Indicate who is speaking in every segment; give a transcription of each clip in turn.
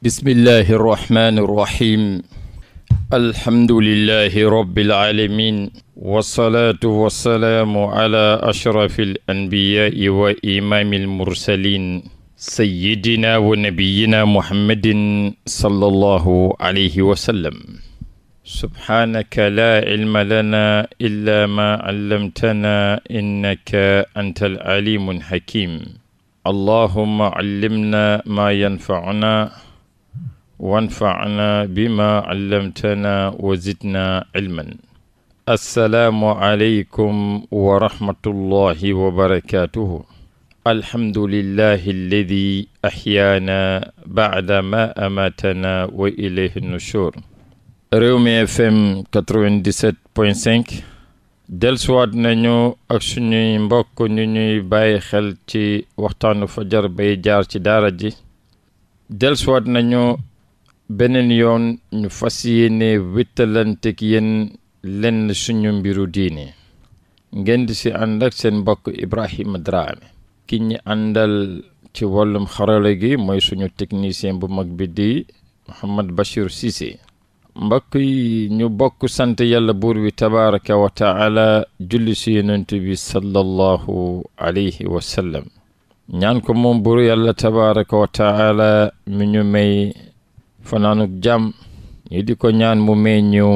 Speaker 1: bismillahi irrahmani irrahim alhamdulilahi rabbil alamin wasalaatu wasalaamu ala ashrafi al anbiyaai wa imaami almursalin sayidina wa nabiyina muhammadin sallallahu alayhi wa sallam subhaanaka laa cilma lanaa illaa maa callamtanaa innaka anta al aliimu alxakim allahumma callimna maa yanfacunaa wanfacnaa bimaa callamtanaa wa zidnaa cilman assalaamu aleykum wa rahmatullahi wa barakaatuhu alhamdulillahi alladi axyaana bacda ma amaatana wa ilayhi nushur Rewmi FM 97.5 delsuwaat nañu ak suñuy mbokk ñu ñuy bàyyi xel ci waxtaanu fajar bay jaar ci daara ji delsuwaat nañu beneen yoon ñu fas ne wéttalanteeg yéen lenn suñu mbiru diine ngeen di si ànd seen mbokk Ibrahima Drame ki ñi àndal ci wàllum xarala gi mooy suñu technicien bu mag bi di Mouhamed Bachir Cissé mbokk yi ñu bokk sant yàlla buur bi tabaraka wa taala julli si yonent bi sallallahu alayhi wa ñaan ko moom buur yàlla tabaraka wa mi ñu may fanaanug jàmm ñu di ko ñaan mu may ñu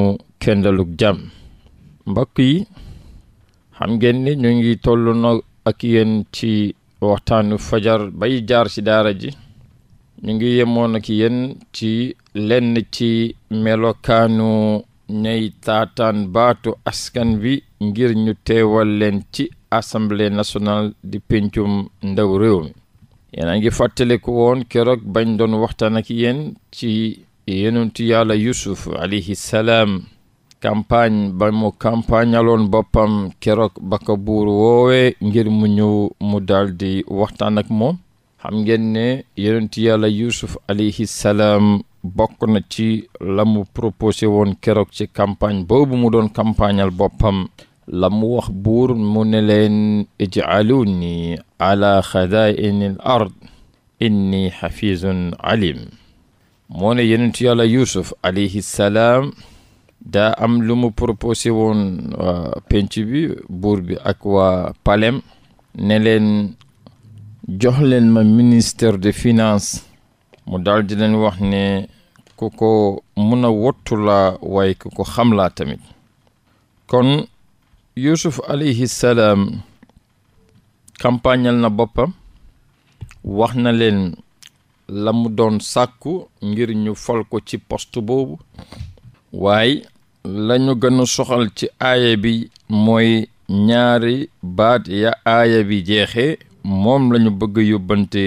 Speaker 1: kendalug jàmm mbokk yi xam ngeen ni ñu ngi toll na ak yéen ci waxtaanu fajar bay jaar ci daara ji ñu ngi yemoon ak yéen ci lenn ci melokaanu ñay taataan baatu askan bi ngir ñu teewal leen ci assamble nationale di pencum ndaw réew mi yéen a ngi fàttaliku woon keroog bañ doon waxtaan ak yéen ci yonentu yàlla Yusuf alayhi salaam campagne ba mu campagnealoon boppam keroog ba ko buur woowee ngir mu ñëw mu daldi waxtaan ak moom xam ngeen ne yonentu yàlla Yusuf alayhi salaam bokk na ci la mu proposé woon keroog ci campagne boobu mu doon campagneal boppam la mu wax buur mu ne leen ijcaluuni ala xadaa'ini l ard inni xafizun alim moo ne yonent yàlla yuusuf alayhi daa am lu mu proposé woon penc bi buur bi ak wa palem ne leen jox leen ma ministère de finance mu daldi di leen wax ne ku ko mun a wottu laa waaye ku ko xam laa tamit kon yusuf alayhi salaam campagnal na boppam wax na leen lamu doon sàkku ngir ñu fal ci poste boobu waaye lañu gën soxal ci aaya bi mooy ñaari baat ya aaya bi jeexee moom lañu bëgg yóbbante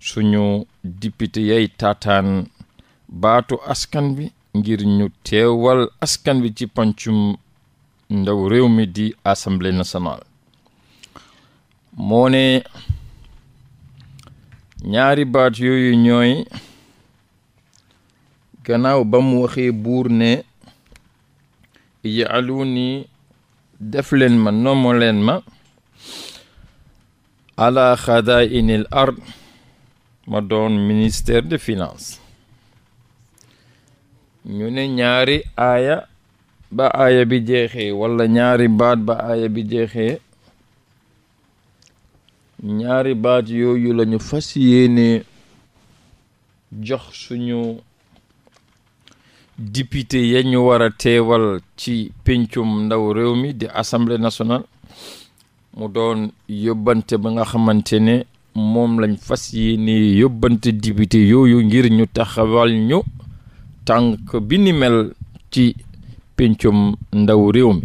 Speaker 1: suñu député yay taataan baatu askan bi ngir ñu teewal askan bi ci pancum ndaw réew mi di assemblée nationale moo ñaari baat yooyu ñooy ganaaw ba mu waxee buur ne ijalu ni def leen ma nomo leen ma ala xadainil ard ma doon ministère de finance ñu ne ñaari aaya ba aaya bi jeexee walla ñaari baat ba aaya bi jeexee ñaari baat yooyu lañu fas yéene jox suñu député ya ñu war a teewal ci pencum ndaw réew mi di assemblée nationale mu doon yóbbante ba nga xamante moom lañ fas yéene yóbbante député yooyu ngir ñu taxawal ñu tànk bi mel ci pencum ndaw réew mi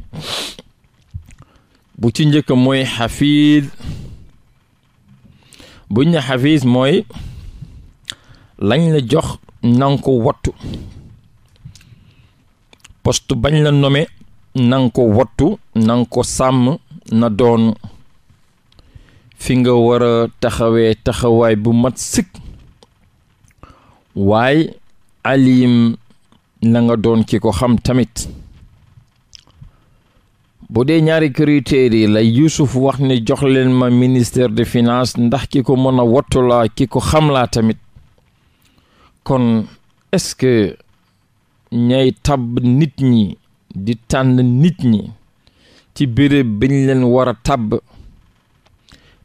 Speaker 1: bu ci njëkk mooy xafiis buñ ne xafiis mooy lañ la jox nanga ko wattu poste bañ la nome nanga ko wattu nanga ko sàmm na doon fi nga wara taxawee taxawaay bu mat sëkk waaye alim nanga doon ci ko xam tamit bu dee ñaari critères yi la Yuusuf wax ni jox leen ma ministère de finance ndax ki ko mën a wattu laa ki ko xamlaa tamit kon est-ce que ñay tabb nit ñi di tànn nit ñi ci béréb biñ leen war a tabb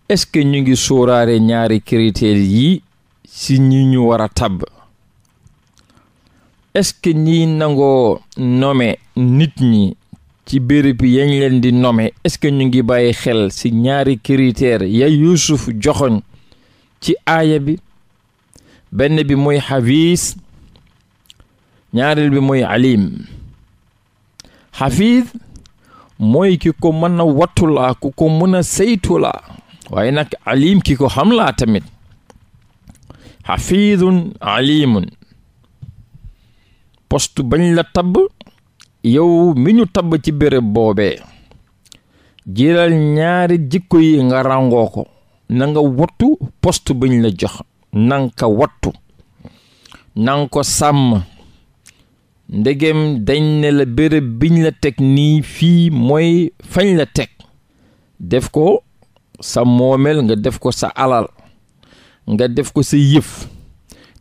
Speaker 1: est-ce que ñu ngi sóoraare ñaari critères yi ci ñi ñu war a tabb est-ce que ñiy nangoo nome nit ñi ci béréb yañ leen di nommer est-ce ñu ngi bàyyi xel ci ñaari critères ya Yuusuf joxoñ ci aaya bi benn bi mooy xafiis ñaareel bi mooy alim xafiis mooy ki ko mën a wattulaa ku ko mën a saytulaa waaye nag alim ki ko xam laa tamit xafiidun alimun poste bañ la tabb yow mi ñu tabb ci bërëb boobee jiral ñaari jikko yi nga ràngoo ko na wattu poste bañ la jox na nga ko wattu na ko sàmm ndegem dañ ne la bërëb biñ la teg nii fii mooy fañ la teg def ko sa moomeel nga def ko sa alal nga def ko sa yëf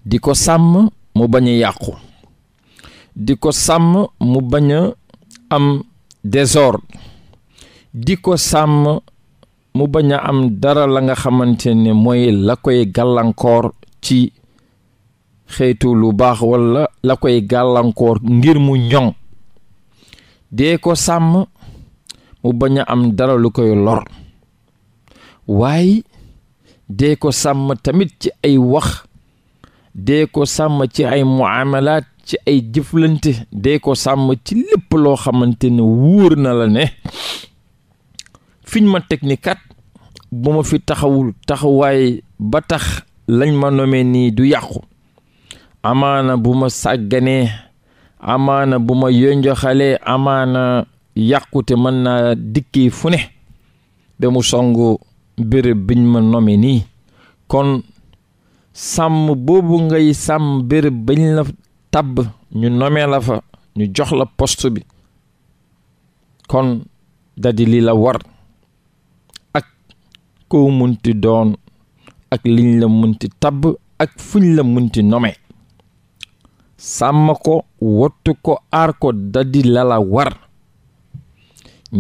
Speaker 1: di ko sàmm mu bañ a yàqu di ko sàmm mu bañ a am désordre di ko sàmm mu bañ a am dara la nga xamante ne mooy la koy gàllankoor ci xeetu lu baax walla la koy gàllankoor ngir mu ñoŋ dee ko sàmm mu bañ a am dara lu koy lor waaye dee ko sàmm tamit ci ay wax dee ko sàmm ci ay muamalaat ci ay jëflante dee ko sàmm ci lépp loo xamante ne wóor na la ne fiñ ma teg ni kat bu ma fi taxawul taxawaay ba tax lañ ma nome nii du yàqu amaana bu ma sàgganee amaana bu ma yonjoxalee amaana yàqute mën naa dikki fu ne ba mu song bërëb biñ ma nome nii kon sàmm boobu ngay sàmm bërëb bañ la tabb ñu nomee la fa ñu jox la poste bi kon dadi li la war ak koo munti doon ak liñ la munti tabb ak fuñ la munti nomee sàmm ko wattu ko aar ko dadi la la war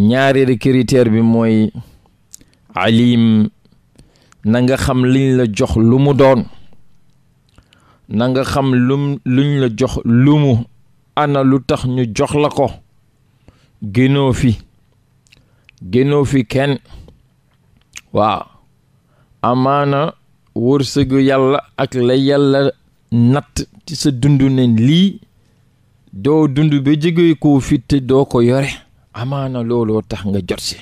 Speaker 1: ñaareelu critère bi mooy alim na xam liñ la jox lu mu doon na nga xam lum luñ la jox lumu ana lu tax ñu jox la ko génnoo fi génnoo fi kenn waaw amaana wërsëg yàlla ak la yàlla natt ci sa dund ne lii doo dund bi jege koo fit te doo ko yore amaana looloo tax nga jot si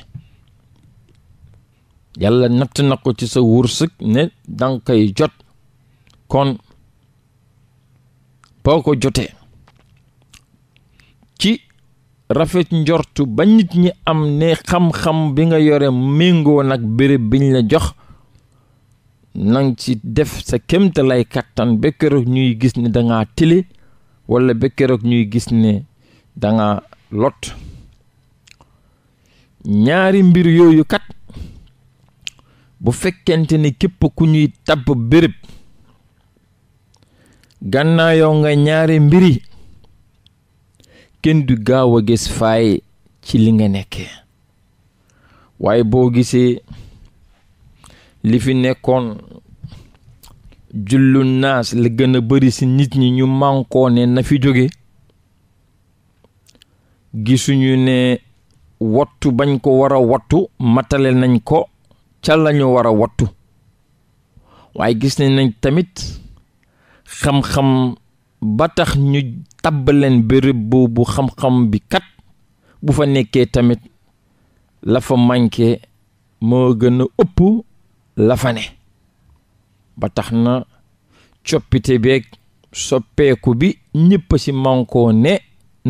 Speaker 1: yàlla natt na ko ci sa wërsëg ne danga koy jot kon boo ko jotee ci rafet njortu ba nit ñi am ne xam-xam bi nga yore méngoo nag béréb biñ la jox nang ci def sa kémta lay kàttan ba ñuy gis ne danga tili wala ba keroog ñuy gis ne danga lot ñaari mbir yooyu kat bu fekkente ni képp ku ñuy tabb bërëb gannaayow nga ñaari mbiri kenn du gaaw a gis fay ci li nga nekkee waaye boo gisee li fi nekkoon jullu naas la gën a bari ci nit ñi ñu mànkoo ne na fi jóge gisuñu ne wattu bañ ko war wattu matale nañ ko ca lañu war a wattu waaye gis nañ nañ tamit xam-xam ba tax ñu leen bërëb boobu xam-xam bi kat bu fa nekkee tamit la fa manqué moo gën a ëpp la fa ne ba tax na coppite beek soppeeku bi ñëpp ci mànkoo ne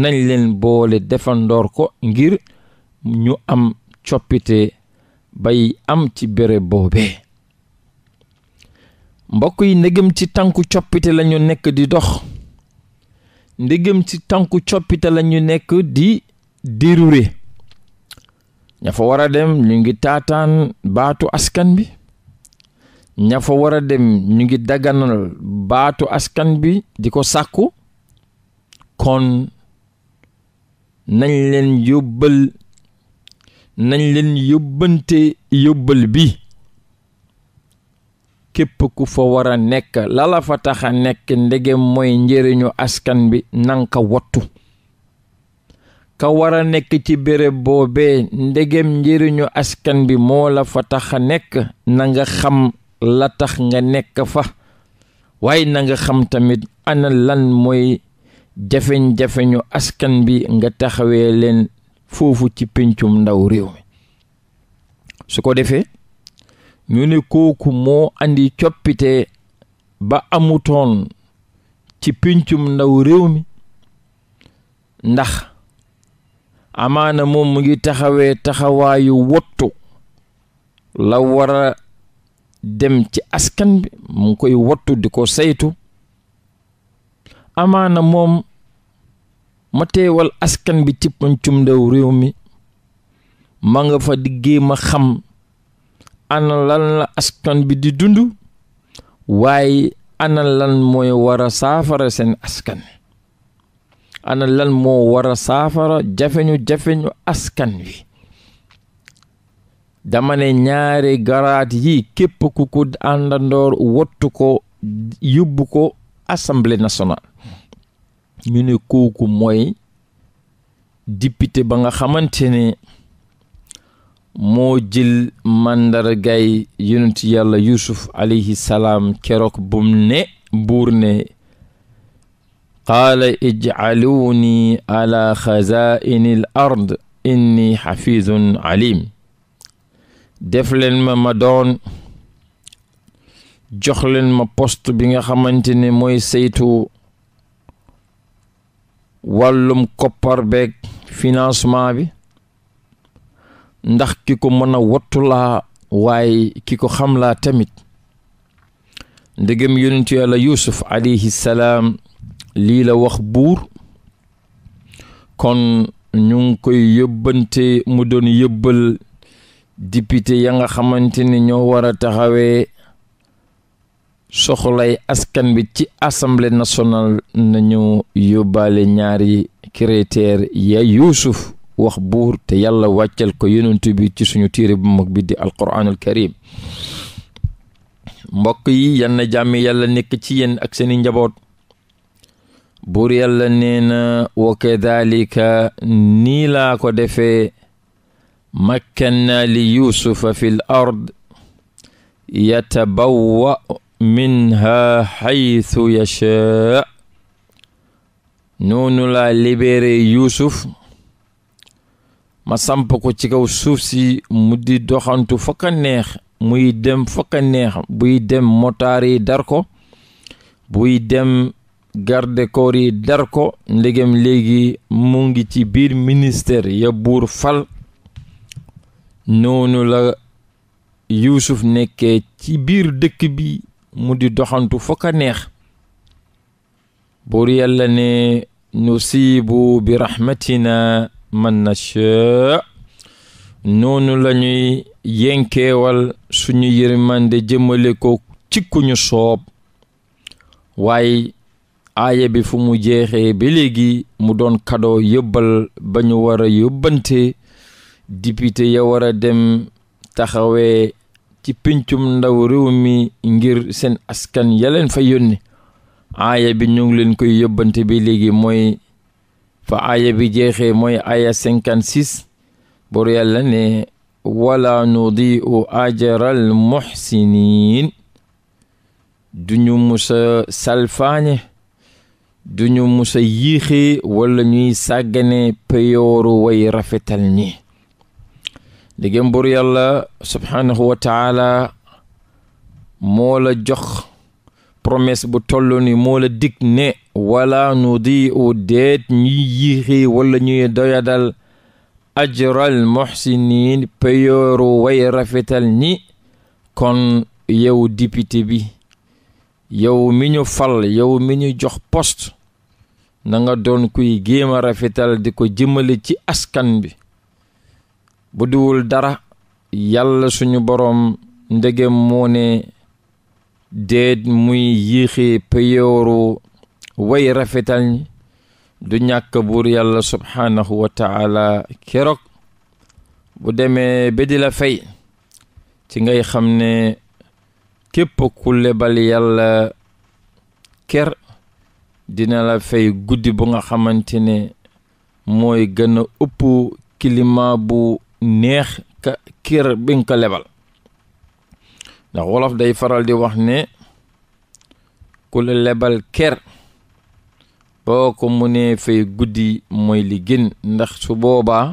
Speaker 1: nañ leen boole defandoor ko ngir ñu am coppite bay am ci bërëb boobee mbokk yi ndegem ci tànku coppite lañu nekk di dox ndegem ci tànku coppite lañu nekk di déroulé ña fa war a dem ñu ngi taataan baatu askan bi ña fa war a dem ñu ngi daganal baatu askan bi di ko sàkku kon nañ leen yóbbal nañ leen yóbbante yóbbal bi képp ku fa war a nekk lala fa tax a nekk ndegem mooy njëriñu askan bi nanga ka wattu ka war a nekk ci béréb boobee ndegem njëriñu askan bi moo la fa tax a nekk na nga xam la tax nga nekk fa waaye na nga xam tamit ana lan mooy jafeñ-jafeñu askan bi nga taxawee leen foofu ci pincum ndaw réew mi su ko defee ñu ne kooku moo andi coppite ba amutoon ci pincum ndaw réew mi ndax amaana moom mu ngi taxawee taxawaayu wottu la war a dem ci askan bi mu koy wottu di ko saytu amaana moom ma teewal askan bi ci pincum ndaw réew mi ma nga fa di géem xam ana lan la askan bi di dund waaye ana lan mooy war a saafara seen askan ana lan moo wara a saafara jafeñu-jafeñu askan wi damane ñaare ñaari garaat yi képp ku ko àndandoor wottu ko yóbbu ko assemblée nationale ñu ne kooku mooy député ba nga xamante ne moo jil màndargay yonent yàlla yusuf alayhi salaam keroog bum ne buur ne qaala ijcaluuni ala xazaini l inni xafizun alim def leen ma ma doon jox leen ma poste bi nga xamante ne mooy saytu wàllum koppar beeg financement bi ndax ki ko mën a wattu laa waaye ki ko xam laa tamit ndegem yonentu yàlla yuusuf alayhi salaam lii la wax buur kon ñu ngi koy yëbbante mu doon yëbbal député ya nga xamante ni ñoo war a taxawee soxlay askan bi ci assemblée nationale nañu yóbbaale ñaari critère ya yuusuf wax buur te yàlla wàccal ko yonent bi ci suñu téere bu mag bi di alquraanul karim mbokk yi yann jàmmi yàlla nekk ci yéen ak seeni njaboot buur yàlla nena na wa kadalika nii laa ko defee makkanna li yuusufa fi l ard yatabawwa minha haythu yashaa noonu laa libéré ma samp ko ci kaw suuf si mu di doxantu fa ka neex muy dem fa ka neex buy dem motaar dar ko buy dem garde corps dar ko ndegam léegi mu ngi ci biir minister ya buur fal noonu la Yuusuf nekkee ci biir dëkk bi mu di doxantu fa ka neex buur yàlla ne nusiibu bi rahmatina man na sha noonu la ñuy yenkeewal suñu yërmande jëmale ko ci ku ñu soob waaye aaya bi fu mu jeexee ba léegi mu doon kadoo yóbbal ba ñu war a yóbbante député ya war a dem taxawee ci pincum ndaw réew mi ngir seen askan ya fa yónni aaya bi ñu leen koy yóbbante ba léegi mooy fa aaya bi jeexee mooy aaya 56 bor yàlla ne wala nudi u ajaral muxsiniin duñu musa salfaañe duñu musa yiixee wala ñuy sàggane peyooru way rafetal ñi liggéem bor yàlla subhaanahu wa taala jox promesse bu toll ni moo la dig ne wala nu di u deet ñuy yiixi wala ñuy doyadal ajral muhsinin peyooru way rafetal ñi kon yow député bi yow mi ñu fal yow mi ñu jox post na nga doon kuy géem rafetal di ko jëmale ci askan bi bu duwul dara yàlla suñu boroom ndegem moo ne déet muy yiixi peyooru way rafetal ñi du ñàkk buur yàlla subhaanahu wa taala bu demee ba di la fay ci ngay xam ne képp ku lebal yàlla ker dina la fay guddi bu nga xamante ne mooy gën a ëpp climat bu neex ka kër bi nga lebal ndax wolof day faral di wax ne ku lebal ker boo ko mënee fay guddi mooy li gën ndax su boobaa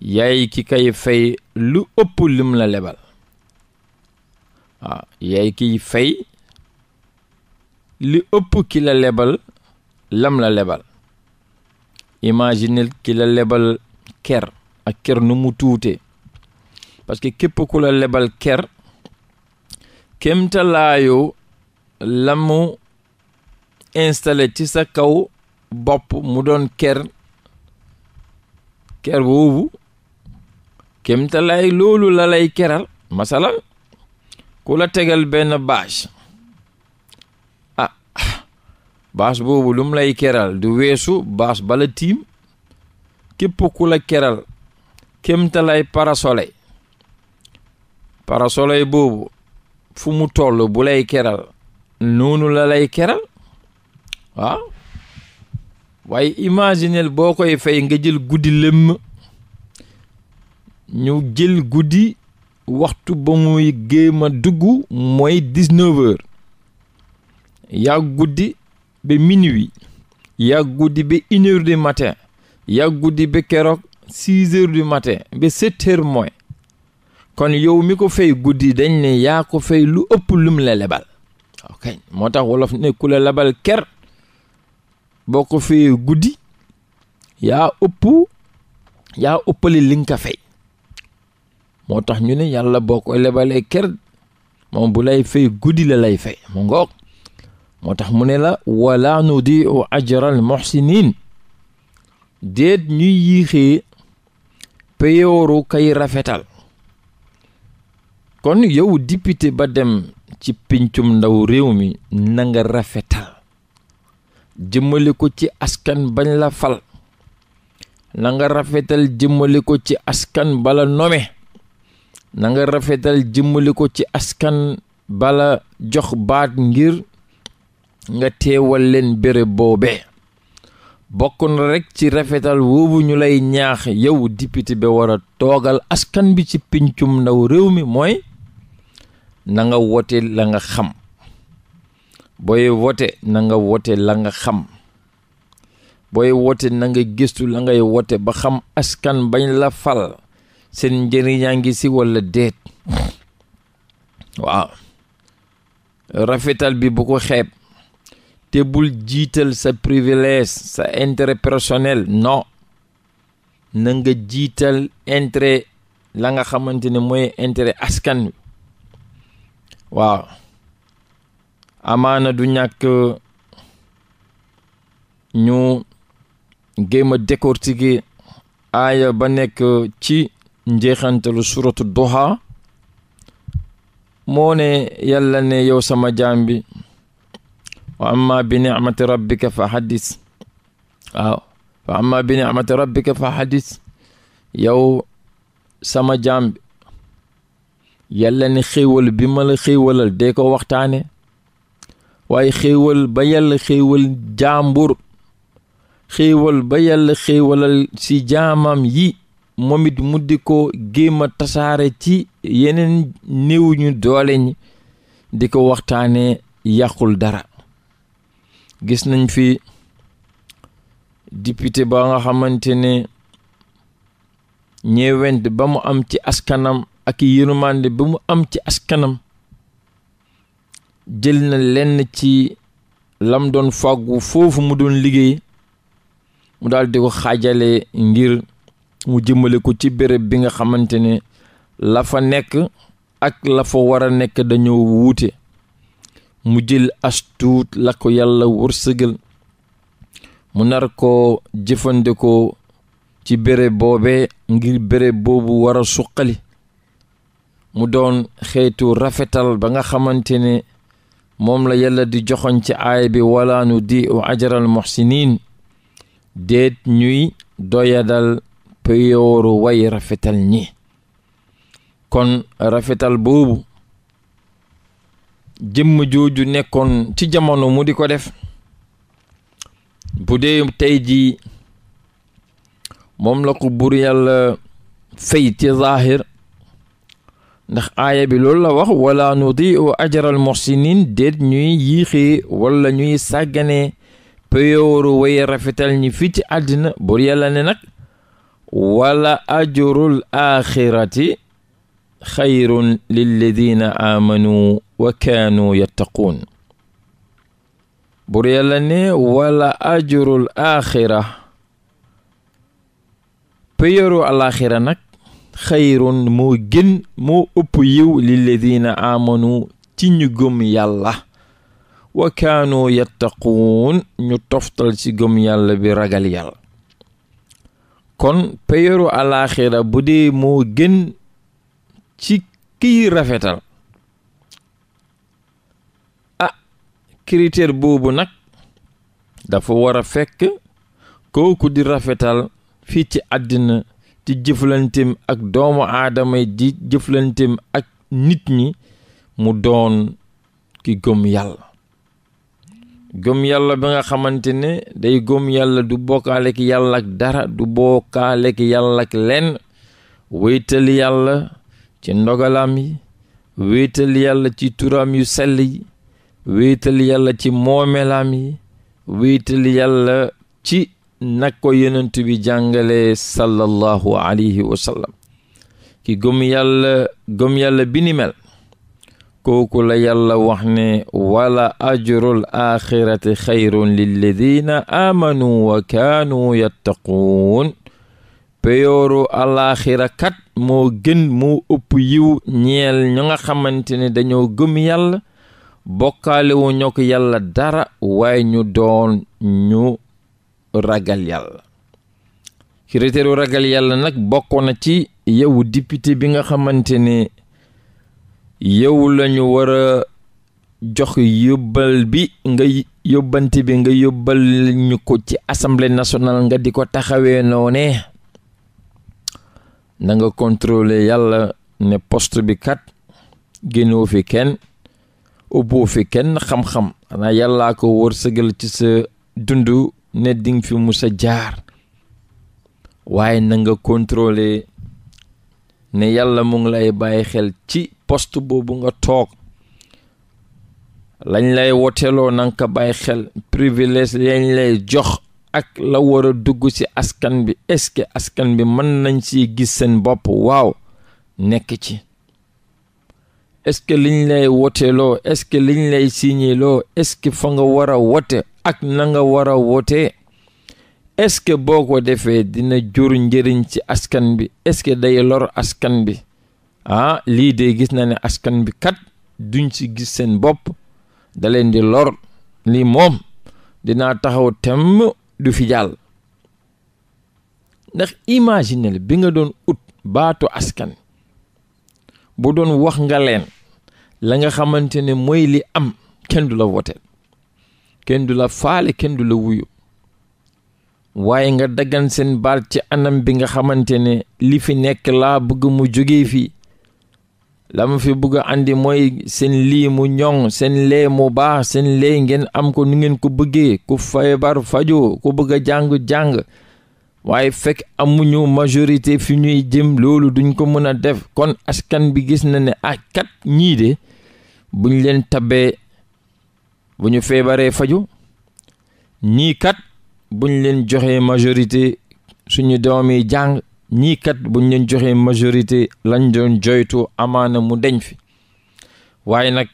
Speaker 1: yaay ki kay fay lu ëpp lim la lebal yaay kiy fay li ëpp ki la lebal lam la lebal imaginel ki la lebal ker ak ker nu mu tuute parce que képp ku la lebal ker kemtalaayu la mu ci sa kaw bopp mu doon ker ker boobu kemtalaay loolu la keral masalan ku la tegal benn bâche ah bâche boobu lu lay keral du weesu baas bala tiim képp ku la keral kemtalaay parasoleil parasoleil boobu fu mu toll bulay lay keral noonu la lay keral waaw waaye imaginel boo koy fay nga jël guddi lëmm ñu jël guddi waxtu ba muy géem a dugg mooy dix-neuf yaa guddi ba minuit yaa guddi ba une heure matin yaa guddi ba keroog six heures du matin ba sept heures kon yow mi ko fay guddi dañ ne yaa ko fay lu ëpp lum la lebal moo tax wolof ne ku la lebal ker boo ko fayee guddi yaa ëpp yaa ëppale li nga moo tax ñu ne yàlla boo ko lebalee ker moom bu lay fay guddi la lay fay mu ngoog moo tax mu ne la wala nudiu ajral muhsinin déet ñuy yiixee peyooru kay rafetal kon yow député ba dem ci pincum ndaw réew mi nanga nga rafetal jëmale ko ci askan bañ la fal na nga rafetal jëmale ko ci askan bala nome na nga rafetal jëmale ko ci askan bala jox baat ngir nga teewal leen béréb boobee bokk na rekk ci rafetal woobu ñu lay ñaax yow député bi war a toogal askan bi ci pincum ndaw réew mi mooy nanga nga wote la nga xam booy wote nanga nga wote la nga xam booy wote na nga gëstu la ngay wote ba xam askan bañ la fal seen njëriñaa ngi si walla déet waaw rafetal bi bu ko xeeb te bul jiital sa privilège sa intérêt personnel no na nga jiital intérêt la nga xamante ne mooy intérêt askan wi waaw amaana du ñàkk ñu géem a décortiquer aaya ba nekk ci njeexantalu suratu Duha moone ne yàlla ne yow sama jaam bi wa amma bi ni'mati rabbika fa xaddis waaw wa amma bi ni'mati rabbika fa xaddis yow sama jaam yàlla ne xéewal bi ma la xéewalal dee ko waxtaane waaye xéewal ba yàlla xéewal jaambur xéewal ba yàlla xéewalal ci jaamam yi moom it mu di ko géem a tasaare ci yeneen néew ñu doole ñi di ko waxtaane yàqul dara gis nañ fi député ba nga xamante ne ñeewent ba mu am ci askanam ak yërmande ba mu am ci askanam jël na lenn ci lam doon fàggu foofu mu doon liggéey mu daldi di ko xaajale ngir mu jëmmale ko ci béréb bi nga xamante ne la nekk ak lafa war a nekk dañoo wuute mu jël as tuut la ko yàlla wërsëgal mu nar ko jëfandikoo ci béréb boobee ngir béréb boobu war a suqali mu doon xeetu rafetal ba nga xamante ne moom la yàlla di joxoñ ci aay bi wala di u ajaral muhsinin déet ñuy doyadal peyooru way rafetal ñi kon rafetal boobu jëmm jooju nekkoon ci jamono mu di ko def bu dee tey jii moom la ko bur yàlla fay ci zaahir ndax aaya bi loolu la wax wala nudiu ajral muhsinin déet ñuy yiixee wala ñuy sàggane peyooru way rafetal ñi fii ci àddina bur yàlla ne nag wala ajrul axirati xayrun lilladina aamanu wa kaanu yattaquun bur yàlla ne wala ajrul axira peyooru alaxira nag xayrun moo gën moo ëpp yiw lilladina aamanu ci ñu gëm yàlla wa kaanu yattaquun ñu toftal ci gëm yàlla bi ragal yàlla kon peyoru alaaxira bu dee moo gën ci kiy rafetal ah critère boobu nag dafa war a fekk kooku di rafetal fii ci àddina ci jëflanteem ak doomu aadama di jëflanteem ak nit ñi mu doon ki gëm yàlla góom yàlla ba nga xamante ne day góom yàlla du bokkaale ki yàlla ak dara du bokkaale ki yàlla ak lenn wéytal yàlla ci ndogalaam yi wéetal yàlla ci turam yu sell yi wéetal yàlla ci moomelaam yi wéetal yàlla ci nag ko yonent bi jàngale sallallahu alayhi wa ki gëm yàlla gëm yàlla bi mel kooku la yàlla wax ne wala ajrul axirati xayrun lilladina aamanu wa kaanu yattaquun peyooru alaxira kat moo gën moo ëpp yiw ñeel ñu nga xamante ne dañoo gëm yàlla bokkaale wu ñok yàlla dara waaye doon ñu ragal yàlla ragal yàlla nag bokkoon na ci yow député bi nga xamante ni yow lañu war a jox yóbbal bi nga yóbbante bi nga yóbbal ñu ko ci assamble national nga di ko taxawee noone na nga contrôler yàlla ne poste bi kat génnoo fi kenn ubboo fi kenn xam-xam xanaa yàllaa ko wërsëgal ci sa dundu ne ding fi musa jaar waaye na nga contrôler ne yàlla mu ngi lay bàyyi xel ci poste boobu nga toog lañ lay woteloo na bàyyi xel privilège lañ lay jox ak la war a dugg ci askan bi est-ce askan bi mën nañ ci gis seen bopp waaw nekk ci est-ce que liñ lay woteeloo est-ce que liñ lay signéeloo est-ce fa nga war a wote ak na nga war a wote est-ce boo ko defee dina jur njëriñ ci askan bi est-ce day lor askan bi ah lii de gis na ne askan bi kat duñ ci gis seen bopp da leen di lor lii moom dinaa taxaw temm du fi jàll ndax imaginel bi nga doon ut baatu askan bu doon wax nga leen la nga xamante ne mooy li am kenn du la woteel kenn du la faale kenn du la wuyu waaye nga daggan seen baat ci anam bi nga xamante ne li fi nekk laa bëgg mu jóge fi la ma fi bëgg a andi mooy seen lii mu ñoŋ seen lee mu baax seen lee ngeen am ko nu ngeen ko bëggee ku feebar fajoo ku bëgg a jàng jàng waaye fekk amuñu majorité fi ñuy jëm loolu duñ ko mën a def kon askan bi gis na ne ah kat ñii de buñ leen tabee bu ñu feebaree faju ñii kat buñ leen joxee majorité suñu doom yi jàng ñii kat buñ leen joxee majorité lañ doon joytu amaana mu deñ fi waaye nag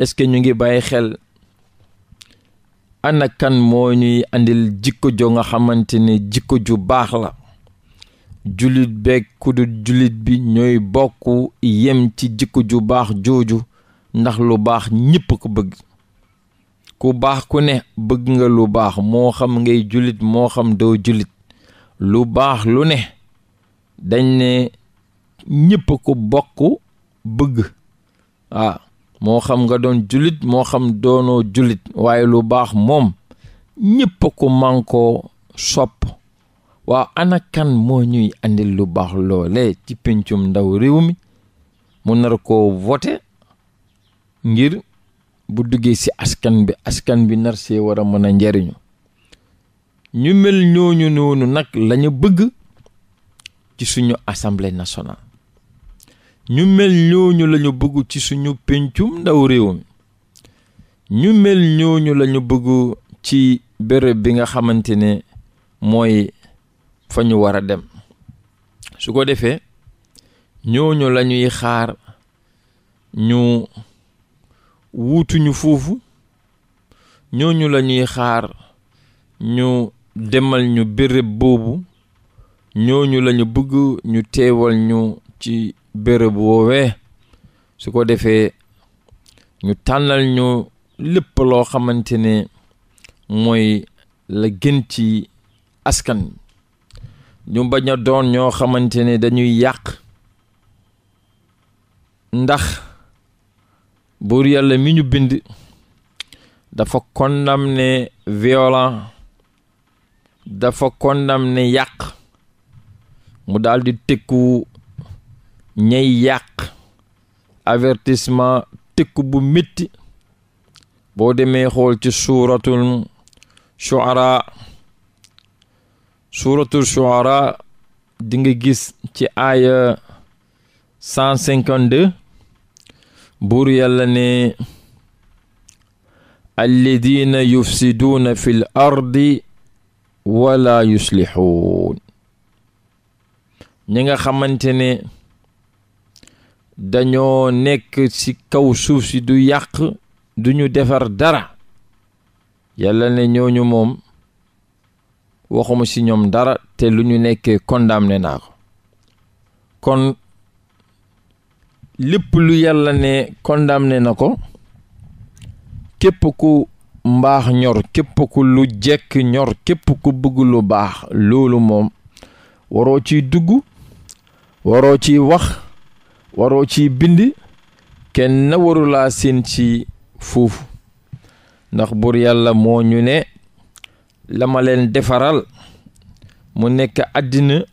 Speaker 1: est-ce que ñu ngi bàyyi xel ana moo ñuy andil jikko jo nga xamante ni jikko ju baax la jullit beeg kudut jullit bi ñooy bokk yem ci jikko ju baax jooju ndax lu baax ñépp ko bëgg ku baax ku ne bëgg nga lu baax moo xam ngay jullit moo xam doo jullit lu baax lu ne dañ ne ñépp ko bokk bëgg moo xam nga doon jullit moo xam doonoo jullit waaye lu baax moom ñépp a ko mànkoo sopp waaw ana moo ñuy andil lu baax loole ci pencum ndaw réew mi mu nar ko vote ngir bu duggee ci askan bi askan bi nar see war a mën a njariñu ñu mel ñooñu noonu nag lañu bëgg ci suñu assemblée nationale ñu mel ñooñu lañu bëgg ci suñu péncum ndaw réew mi ñu mel ñooñu lañu bëgg ci bërëb bi nga xamante ne mooy fa ñu war a dem su ko defee ñooñu lañuy xaar ñu wuutuñu foofu ñooñu lañuy xaar ñu demal ñu bërëb boobu ñooñu lañu bëgg ñu teewal ñu ci bërëb woowee su ko defee ñu tànnal ñu lépp loo xamante ne mooy la gën ci askan ñu bañ a doon ñoo xamante ne dañuy yàq ndax buur yàlla mi ñu bind dafa condamné violent dafa condamné yàq mu daal di tëkku ñay yàq avertissement tëkku bu métti boo demee xool ci suuratul shuara suuratul shuara di nga gis ci aaya 152 buur yàlla ne alladina yufsiduuna fi l ardi wala yuslixuun ñi nga xamante ne dañoo nekk ci kaw suuf si du yàq duñu defar dara yàlla ne ñooñu moom waxuma ci ñoom dara te lu ñu nekkee condamné naa ko kon lépp lu yàlla ne condamné na ko képp ku mbaax ñor képp ku lu jekk ñor képp ku bëgg lu baax loolu moom waroo ciy dugg waroo ciy wax waroo ci bind kenn warulaa seen ci foofu ndax buur yàlla moo ñu ne la leen defaral mu nekk àddina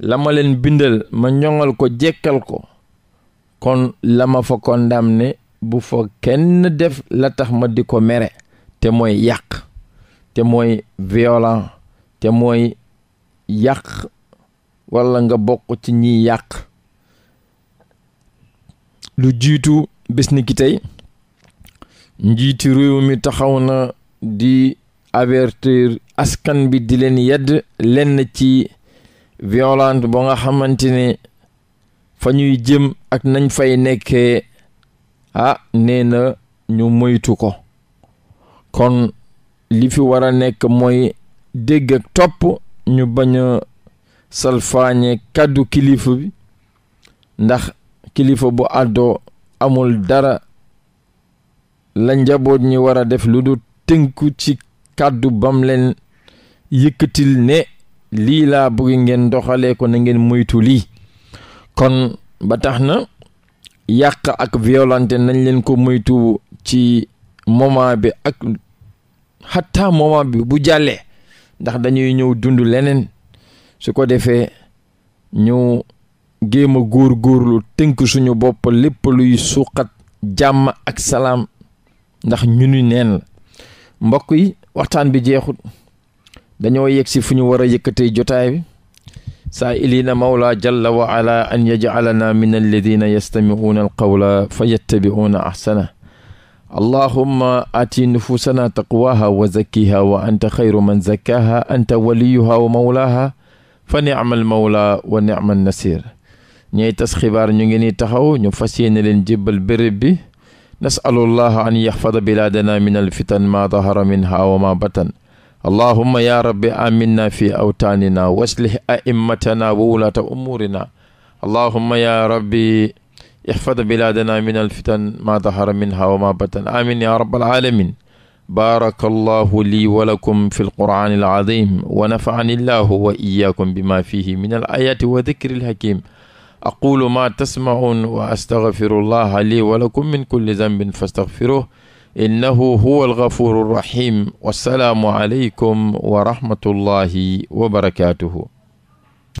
Speaker 1: la ma leen bindal ma ñoŋal ko jekkal ko kon la ma fa ne bu fa kenn def la tax ma di ko mere te mooy yàq te mooy violent te mooy yàq walla nga bokk ci ñiy yàq lu jiitu bés ni ki tey njiitu réew mi taxaw na di avertir askan bi di leen yedd lenn ci violente ba nga xamante ne fa ñuy jëm ak nañ fay nekke ah nee na ñu moytu ko kon li fi wara nekk mooy dégg ak topp ñu bañ a salfaañe kàddu kilifa bi ndax kilifa bu àddoo amul dara la njaboot ñi war a def lu du tënku ci kàddu bam leen yëkkatil ne lii laa bëgg ngeen doxalee ko na ngeen moytu lii kon ba tax na yàq ak violente nañ leen ko moytu ci moment bi ak xatta moment bi bu jàllee ndax dañuy ñëw dund leneen su ko defee ñu géem góor-góorlu tënk suñu bopp lépp luy suqat jàmm ak salaam ndax ñu ni yi waxtaan bi jeexut dañoo yegg si fu ñu war a yëkkatee jotaay bi saa iliina mawla jalla wa ala an yajcalana min alladina yastamicuuna alqawla fa yattabicuuna axsana allahumma aati nufuusana taqwaha wa zakkiha wa anta xayru man zakkaaha anta waliyuha wa mawlaaha fa nicma almawla wa nicma annasir ñooy tas xibaar ñu ngi ni taxaw ñu fas yéene leen jébbal béréb bi nasalullah an yaxfada bilaadana min alfitan ma dahara minha wa ma batan allahumma ya rabbi aminna fi awtaanina waslih aimmatana wa wulaata umuurina allahumma ya rabbi ixfad bilaadana min alfitan ma dahara minha wa ma batan amin ya rabbal alamin baaraka allahu lii wa lakum fi alqur'aani alazim wa nafaani allahu wa iyaakum bima fihi min alayaati wa dikri alhakim aqulu ma tasmaun wa astaghfirullaha li wa lakum min kulli zambin fastaghfiruh innahu huwa alghafuru rahim wassalaamu aleykum wa rahmatullahi wa barakatuhu